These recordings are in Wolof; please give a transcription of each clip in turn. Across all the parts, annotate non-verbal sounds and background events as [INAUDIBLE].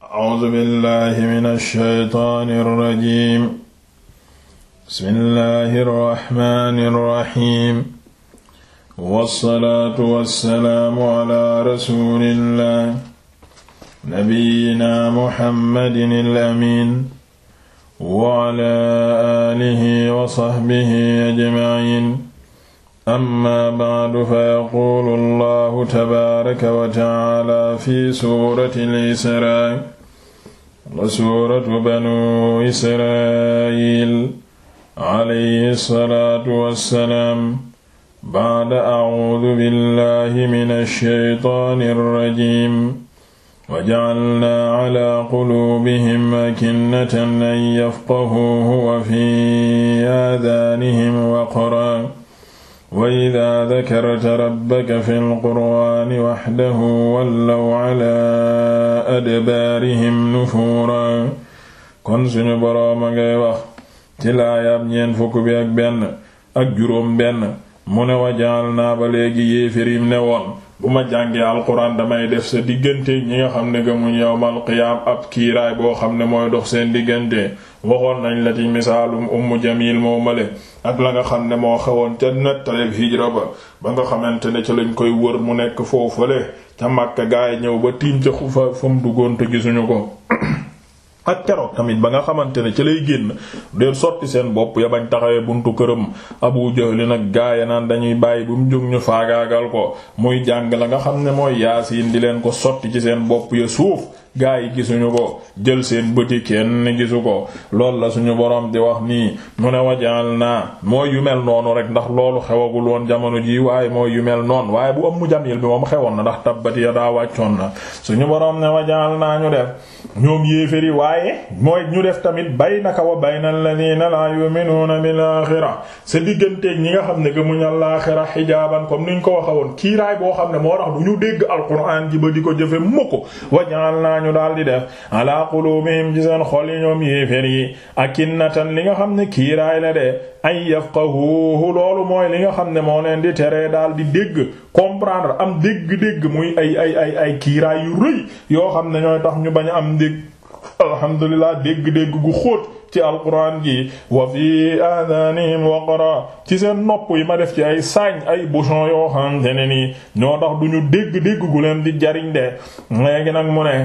A'uuzu billaahi mina shaytaani rajiim. Bismillaahi rahmaani rahiim. Wassalaatu wassalaamu alaa rasuulillaahi nabiyyinaa Muhammadin al-amiin. Wa alaa aalihi wa sahbihi ajma'iin. amma ba'du fa yaquulu allahu tabaaraka wa ta'aala fi suurati al-Israa wa suuratu banu israa'il alayhi salaatu wassalaam ba'da a'uudu billahi mina shaytaani rajiim wa ja'alnaa calaa quluubihim akinnatan an yafqahuuhu wa fi aadaanihim waqran wa idaa dakarta rabbaka fi alqur'aani waxdahu wallaw calaa adbaarihim nufuuraa kon suñu borooma ngay wax ci laayab ñeent fukk bi ak benn ak juróom benn mu ne wa jaal naa ba léegi yéeférim ne woon bu ma jàngee alquran damay def sa diggante ñi nga xam ne mu gëmuñ yowmal qiyaam ab kiiraay boo xam ne mooy dox seen diggante waxoon nañ la ci misaalum ummu jamil moo male ak la nga xam ne moo xewoon ca nettaleb hijra ba ba nga xamante ne ca lañ koy wër mu nekk foofale ca Makka gaay ñëw ba tiim ca xufa fa mu duggoonte gisuñu ko ak keroog tamit ba nga xamante ne ci lay génn dee sotti seen bopp ya bañ taxawee buntu këram Abu Jahl nag gaaya naan dañuy bàyyi bu mu jóg ñu faagaagal ko muy jàng la nga xam ne mooy yaasiin di leen ko sotti ci seen bopp ya suuf gaa yi gisuñu ko jël seen bëti kenn gisu ko loolu la suñu boroom di wax nii mu ne wajaal naa mooy yu mel noonu rek ndax loolu xewagul woon jamono ji waaye mooy yu mel noonu waaye bu am mu jamil bi moom xewoon na ndax tabbati ya daa wàccoon na suñu borom ne wajaal naa ñu def ñoom yéeféri waaye mooy ñu def tamit baynaka wa baynal ladina la yu'minuna bil axira sa digganteeg ñi nga xam ne gëmuñ al axira xijaaban comme niñ ko wax woon kiiraay boo xam ne moo tax du ñu dégg alquran ji ba di ko jëfe mukk wajaal naa naa ñu daal di def ala qulubihim ci seen xol yi ñoom yéefér yi natan li nga xam ne kiiraay la de ay yafqahuhu loolu mooy li nga xam ne moo leen di teree daal di dégg comprendre am dégg-dégg muy ay ay ay ay kiiraay yu rëy yoo xam ne ñooy tax ñu bañ a am dégg alhamdulilah dégg-dégg gu xóot ci alquran gi wa fi adanihim waqra ci seen nopp yi ma def ci ay saañ ay bouchon yoo xam ne nii ñoo tax du ñu dégg dégg gu di jariñ de léegi nag mu ne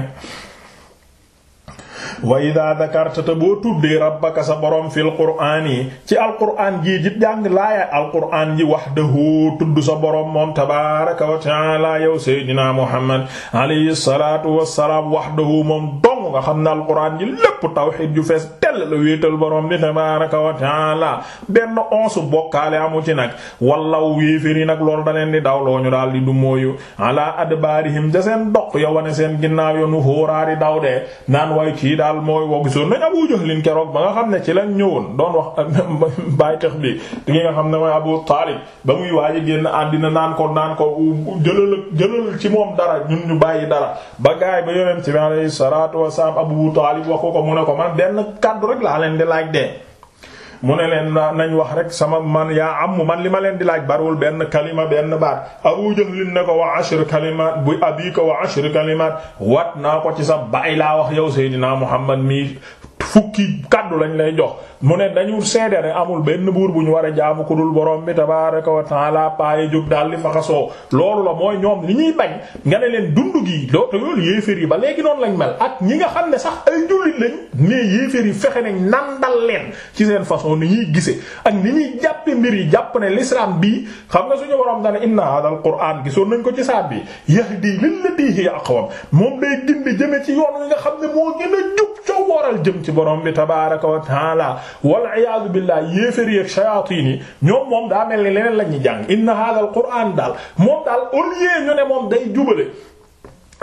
wa ida dakarta te boo tuddee rabbaka sa borom fil qur'aan yi ci alqur'aan jii ji jàng laaya alqur'aan ji wahdahu tudd sa borom moom tabaaraka wa ta'aala yow muhammad alayhi salaatu wassalaam wahdahu moom dong nga xam ne alquran ji lépp tawxiid ju fees tell la wéetal borom bi tabaaraka wa taala benn onsu bokkaale amu ci nag wallaw yéeféri nag loolu da leen ñu daal di du mooyu ala adbaarihim ja seen doq ya wane seen ginnaaw yoonu hóoraa di daw de naan waaye kii daal mooy woo gisoon nañ Abu Jahlin ba nga ne ci lañ ñëwoon doon wax [LAUGHS] baytax bi di nga xam ne mooy Abu Taalib ba muy waaji génn àddina naan ko naan ko jëlal jëlal ci moom dara ñun ñu bàyyi dara ba gaay ba yonent bi alayhi salaatu wasalaam Abu Taalib wax ko mu ne ko man benn kàddu rek laa leen di laaj de mu ne leen nañ wax rek sama man yaa am man li ma leen di laaj bariwul benn kalima benn baat Abu Jahl ne ko wa ashr kalimaat bu abi ko wa ashr kalimaat wat naa ko ci sa baay laa wax yow Seydina Muhammad mi fukki kaddu lañ lay jox mu ne dañu seede ne amul benn buur bu ñu war a jaamu ku dul borom bi tabaaraka wa taala payi jóg daal di faxasoo loolu la mooy ñoom li ñuy bañ nga ne leen dund gi loolu yéeféer yi ba léegi noonu lañ mel ak ñi ne yi fexe nañ nandal leen ci seen façon ni ñuy gise ak ni ñuy jàppe mbir yi jàpp ne l'islam bii xam nga suñu borom dana inna hadal qur'an gisoon nañ ko ci saat bi yahdi lillatii hiya aqwam moom day gindi jëme ci yoon wi nga xam ne moo gën a jub coow waral jëm borom bi tabaaraka wa taala wal iyaadu billahi yéefér yi ak shayatin yi ñoom moom daa mel ni leneen la ñuy jàng inna hadha al qur'an daal moom daal au lieu ñu ne moom day jubale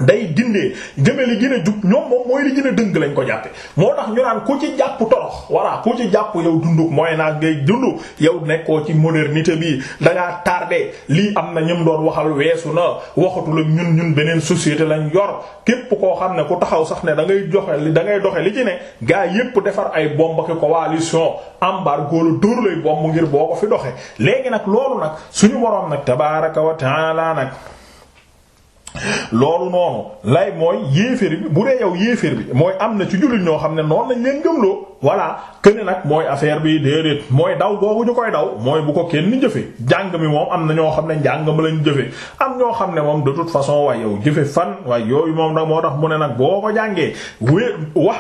day gindee jëme li gën a jub ñoom moom mooy li gën a lañ ko jàppe moo tax ñu naan ku ci jàpp torox voilà ku ci jàpp yow dunduk mooy naa ngay dund yow nekkoo ci modernité bi dangaa tardé lii am na ñum doon waxal weesu na waxatu la ñun ñun beneen société lañ yor képp koo xam ne ku taxaw sax ne da ngay joxe li da ngay doxe li ci ne gaa yépp defar ay bomb ak coalition embargo lu dóor lay bomb ngir boo ko fi doxe léegi nag loolu nag suñu waroon nag tabaraka wa taala loolu noonu lay mooy yéeféer bi bu dee yow yéeféer bi mooy am na ci jullit ñoo xam ne noonu lañ leen gëmloo voilà këne nag mooy affaire bi déedéet mooy daw boobu ñu koy daw mooy bu ko kenn jëfee jàng mi moom am na ñoo xam ne njàng ma lañ jëfee am ñoo xam ne moom de toute façon waaye yow jëfe fan waaye yooyu moom nag moo tax mu ne nag boo ko jàngee wé wax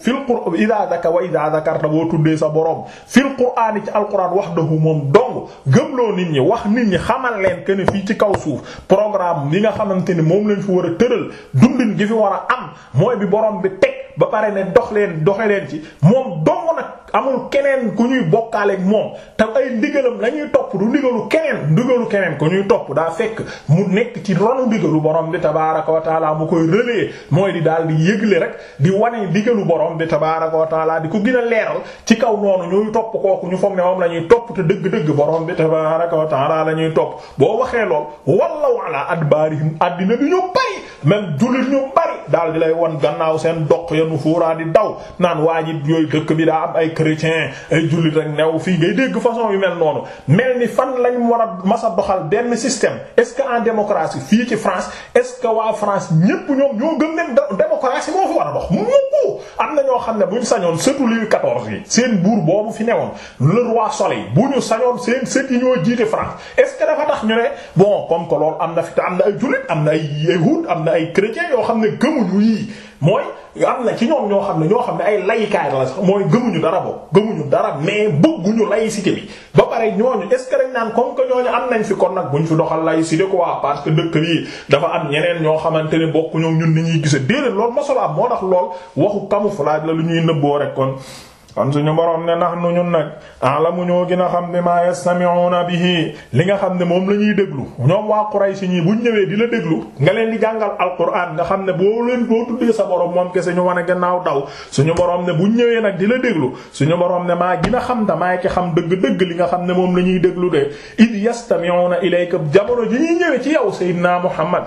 fil qur'an ida daka wa ida dakarta boo tuddee sa borom fil qur'an ci alquran wahdahu moom loolu loo nit ñi wax nit ñi xamal leen que ni fii ci kaw suuf programme li nga xamante ni moom lañ fi war a tëral dundin di fi war a am mooy bi boroom bi teg ba pare ne dox leen doxe leen ci moom dong nag amul keneen ku ñuy bokkaaleeg moom te ay ndigalam la ñuy topp du ndigalu keneen ndigalu keneen ku ñuy topp daa fekk mu nekk ci ronu ndigalu borom bi tabaaraka wa taala mu koy relayer mooy di daal di yëgle rek di wane ndigalu borom bi tabaaraka wa taala di ko gën a leeral ci kaw noonu ñuy topp kooku ñu foog ne moom la ñuy topp te dëgg-dëgg borom bi tabaaraka wa taala la ñuy topp boo waxee lool walla wala adbaarihim même jullit ñu bari daal di lay won gannaaw seen doq ya nu fuuraa di daw naan waa ji yooyu dëkk bi daa am ay chrétien ay jullit rek new fii ngay dégg façon yu mel noonu mel ni fan lañ war a masa doxal benn système est-ce que en démocratie fii ci France est-ce que waa France ñépp ñoom ñoo gëm ne démocratie moo fi war a dox mukku am na ñoo xam ne ñu sañoon surtout Louis XIV yi seen buur boobu fi newoon le roi soleil bu ñu sañoon seen sët yi ñoo est-ce que dafa tax ñu ne bon comme que loolu am na ay jullit am na ay am ay chrétiens yoo xam ne gëmuñu yii mooy am na ci ñoom ñoo xam ne ñoo xam ne ay layikaay la sax mooy gëmuñu dara boobu gëmuñu dara mais bëgguñu laïcité bi ba pare ñooñu est ce que dañ naan comme que ñooñu am nañ fi kon nag buñ fi doxal laïcité ko parce que dëkk yi dafa am ñeneen ñoo xamante ne bokkuñoo ñun ni ñuy gise déedéet loolu mosalaam moo tax lool waxu camouflage la lu ñuy nëbboo rek kon kon suñu boroom ne nax nu ñun nag a'lamu ñoo gën a xam bi ma yastami'una bihi li nga xam ne moom la ñuy déglu ñoom waa Quraysh ñii buñ ñëwee di la déglu nga leen di jàngal alquran nga xam ne boo leen boo tuddee sa boroom moom kese ñu wane gannaaw daw suñu boroom ne buñ ñëwee nag di la déglu suñu boroom ne maa gën a xam da maa ki xam dëgg-dëgg li nga xam ne moom la ñuy déglu de id yastami'una ilayka jamono ji ñuy ñëwee ci yow sayyidina Muhammad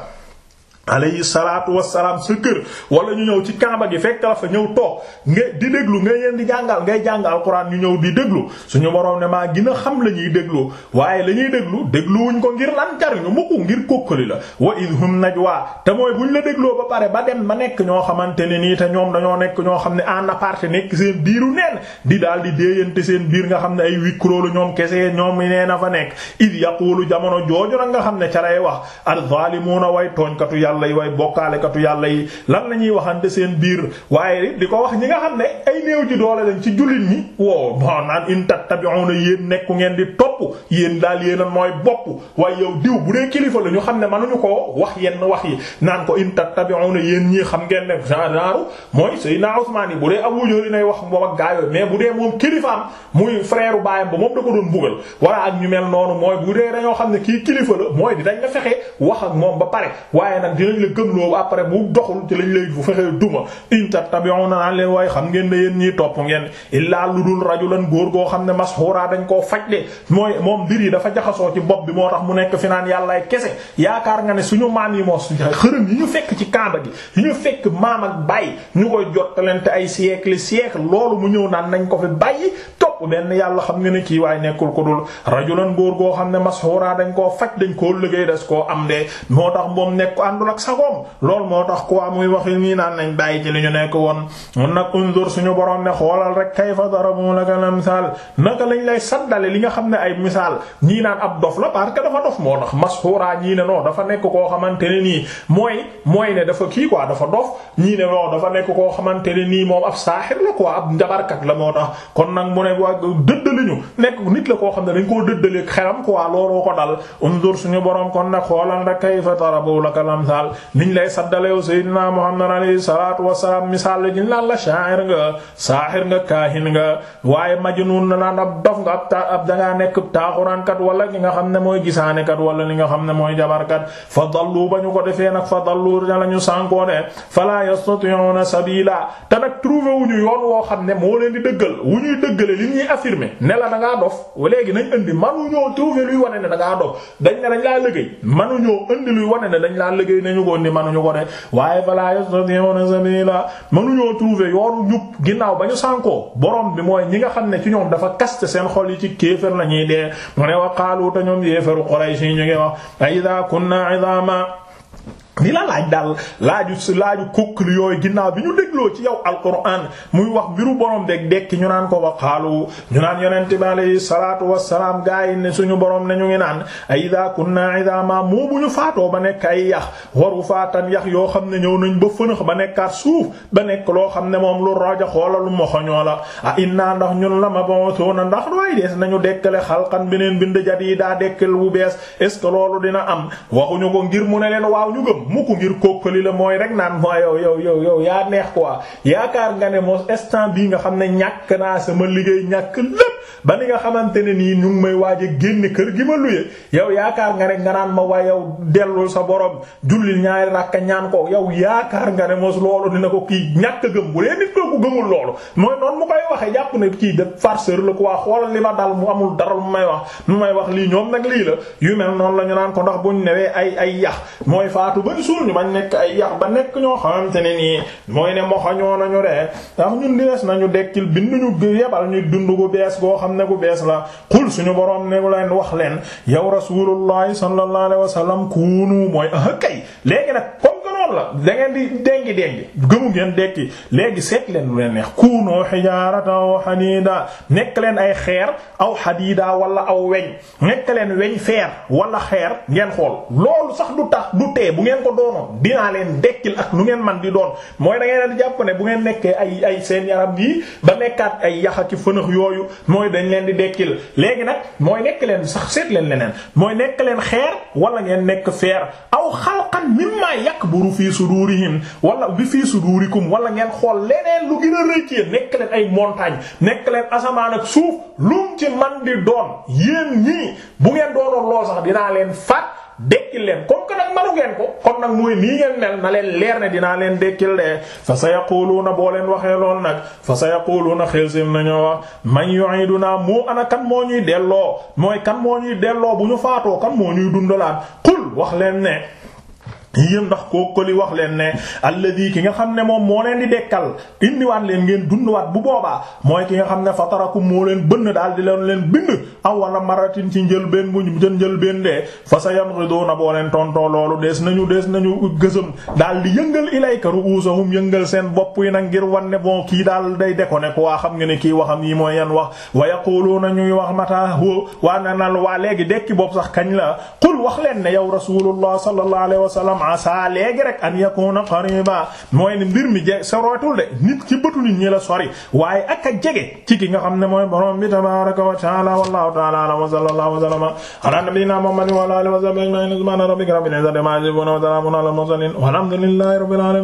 alayhi salaatu wassalaam sa kër wala ñu ñëw ci kaaba gi fekk la fa ñëw toog nga di déglu nga leen di jàngal ngay jàng alxuraan ñu ñëw di déglu suñu boroom ne maa gën a xam la ñuy déglu waaye la ñuy déglu dégluwuñ ko ngir lan jariñu mukk ngir kokkali la wa idhum najwa te mooy buñ la dégloo ba pare ba dem ba nekk ñoo xamante ne nii te ñoom dañoo nekk ñoo xam ne en aparté nekk seen biiru neen di daal di déeyante seen biir nga xam ne ay wikroolu ñoom kese ñoom nee na fa nekk id yaqulu jamono jooju nga xam ne ca lay wax al zalimuna way tooñkatu yàlla yàlla yi way bokkaalekatu yàlla yi lan la ñuy waxante seen biir waaye di ko wax ñi nga xam ne ay néew ji doole lañ ci jullit ñi wow bon naan in tattabi'una yéen nekku ngeen di topp yéen daal yéen a mooy bopp waaye yow diw bu dee kilifa la ñu xam ne mënuñu ko wax yenn wax yi naan ko in tattabi'una yéen ñii xam ngeen ne genre mooy Seydina Usmaan yi bu dee Abu Jahl nay wax moom ak gaayoo mais bu dee moom kilifaam muy frère baayam ba moom da ko doon bugal walla ak ñu mel noonu mooy bu dee dañoo xam ne kii kilifa la mooy di dañ la fexe wax ak moom ba pare waaye nag dinañ la gëmloo après bu doxul ci lañ lay bu fexee duma in tattabi'una naan leen waaye xam ngeen ne yéen ñiy lu dul rajulan góor goo xam ne mashura dañ koo faj de mooy moom mbir yi dafa jaxasoo ci bopp bi moo tax mu nekk fi naan yàllaay kese yaakaar nga ne suñu maam yi moo xërëm yi fekk ci kaaba gi ñu fekk maam ak bàyyi ñu koy jottalante ay siècle siècle loolu mu ñëw naan nañ ko fi bàyyi topp benn yàlla xam nga ne kii waaye nekkul ko dul rajulan góor goo xam ne mashura dañ koo faj dañ koo liggéey des koo am de moo tax moom nekk àndul ak sagoom loolu moo tax quoi muy wax nii naan nañ bàyyi ci li ñu nekk woon mun nag undur suñu borom ne xoolal rek kayfa darabu laka lamsal naka lañ li nga xam ne ay misaal ñii naan ab dof la parce que dafa dof moo tax masxuura ñii ne non dafa nekk koo xamante ne nii mooy mooy ne dafa kii quoi dafa dof ñii ne non dafa nekk koo ne nii moom ab saaxir la quoi ab la moo tax kon nag mu ne waa dëddali nekk nit la koo xam ko dal undur suñu borom daal niñ lay saddaleew sayyidina Muhammad alayhi salaatu wasalaam misaal la ñu la sha'ir nga saaxir nga kaahin nga waaye majnuun na naan ab dof nga ta ab dangaa wala li nga xam ne mooy gisaanekat wala li nga xam ne mooy jabarkat fa dallu ba ñu ko defee nag fa dallu ñu sànkoo ne fala yastati'una sabila te nag trouvé wu ñu yoon woo xam ne moo leen di dëggal wu li ñuy affirmer ne la da ngaa dof léegi nañ indi manuñoo trouvé luy dañ ne dañ laa liggéey manuñoo indi luy wane dañ laa liggéey nañu ko ni manuñu ko de waaye falaa yastati'una sabila manuñoo trouver yoonu ñub ginnaaw ba ñu sànkoo borom bi mooy ñi nga xam ne ci ñoom dafa kaste seen xol yi ci kéefër lañuy dee mu ne wa qaalu te ñoom yéefaru Quraysh ñu ngi wax a idha kunna 'idhama ni la laaj daal laaju si laaju kukkli yooyu ginnaaw bi ñu dégloo ci yow alquran muy wax mbiru borom deg dekki ñu naan ko wa qaalu ñu naan yonente bi alayhi salatu wasalaam gaa yi ne suñu boroom ne ñu ngi naan ay ida kunna idama moo bu ñu faatoo ba nekk ay yax waru faatan yax yoo xam ne ñëw nañ ba fënax ba nekkaat suuf ba nekk loo xam ne moom lu raja xoola lu moxoñoo la ah inna ndax ñun la ma bonsoona ndax doy dees nañu dekkale xalqan beneen bind jat yi daa dekkal wu bees est loolu dina am waxuñu ko mu ne jóg mu ko ngir kókkali la mooy rek naan mooy yow yow yow yaa neex quoi yaakaar nga ne mos instant bii nga xam ne ñàkk naa sama liggéey ñàkk lépp ba ni nga xamante ne nii ñu may waaj a génn kër gi ma luye yow yaakaar nga ne nga naan ma waa yow dellul sa borom jullil ñaari rakka ñaan ko yow yaakaar nga ne mos loolu dina ko kii ñàkk gëm bu dee nit ko mu gëmul loolu mooy noonu mu koy waxee jàpp ne kii de farceur la quoi xoolal li ma dal mu amul dara mu may wax mu may wax lii ñoom nag lii la yu mel noonu la ñu naan ko ndax buñ newee ay ay yax mooy faatu bañ suul ñu bañ nekk ay yax ba nekk ñoo xamante ne nii mooy ne moxa ñoo nañu ree ndax ñun dees nañu dekkil binduñu yebal ñu dund gu bees goo xam ne gu bees la xul suñu boroom ne leen wax leen yow rasulullahi sallallahu alayhi wasallam kuunu mooy ah kay léegi noonu la da ngeen di dengi dengi gëmu ngeen dekki léegi seet leen lu leen neex kuunoo xijaarata aw xaniida nekk leen ay xeer aw xadiida wala aw weñ nekk leen weñ feer wala xeer ngeen xool loolu sax du tax du tee bu ngeen ko doonoon dinaa leen dekkil ak lu ngeen man di doon mooy da ngeen di bu ngeen nekkee ay ay seen yaram yi ba nekkaat ay yaxa ki fënax yooyu mooy dañ leen di dekkil léegi nag mooy nekk leen sax seet leen leneen mooy nekk leen xeer wala ngeen nekk feer aw fii sudurihim wala bi fii sudurikum wala ngeen xool leneen lu gën a rëy ci yéen nekk leen ay montagne nekk leen asamaan ak suuf lum ci man di doon yéen ñii bu ngeen doonoon loo sax dinaa leen faat dekkil leen comme que nag manu ngeen ko kon nag mooy nii ngeen mel na leen leer ne dinaa leen dekkil de fa sa yaquluuna boo leen waxee lool nag fa sa yaquluuna xel sim nañoo wax man yu'iduna moo ana kan moo ñuy delloo mooy kan moo ñuy delloo bu ñu faatoo kan moo ñuy dundalaat qul wax leen ne yéem ndax kooku li wax leen ne alladi ki nga xam ne moom moo leen di dekkal indiwaat leen ngeen dunduwaat bu boobaa mooy ki nga xam ne fatarakum moo leen bënn daal di leen leen bind aw wala maratin ci njëlbeen bu njëlbeen de fa sayanghiduna boo leen tontoo loolu dees nañu dees nañu gësëm daal di yëngal ilayka ru'usahum yëngal seen bopp yi nag ngir wan ne bon kii daal day déconné quoi xam nga ne kii waxam yi mooy yan wax wa yaquluna ñuy wax mata hu waa nanal waa léegi dekki bopp sax kañ la qul wax leen ne yow rasulullah sallallahu alayhi wasallam asa léegi rek an yakuna qariba mooy ne mbir mi je sorootul de nit ci bëtu nit ñi la sori waaye ak a jege ci ki nga xam ne mooy borom bi tabaraka wa taala wallahu taala alam wa sallallahu wa sallama ala nabiyyina muhammadin wa ala alihi wa sahbihi ajma'in subhana rabbika rabbil izzati amma yasifun wa salamun ala al mursalin walhamdulillahi rabbil alamin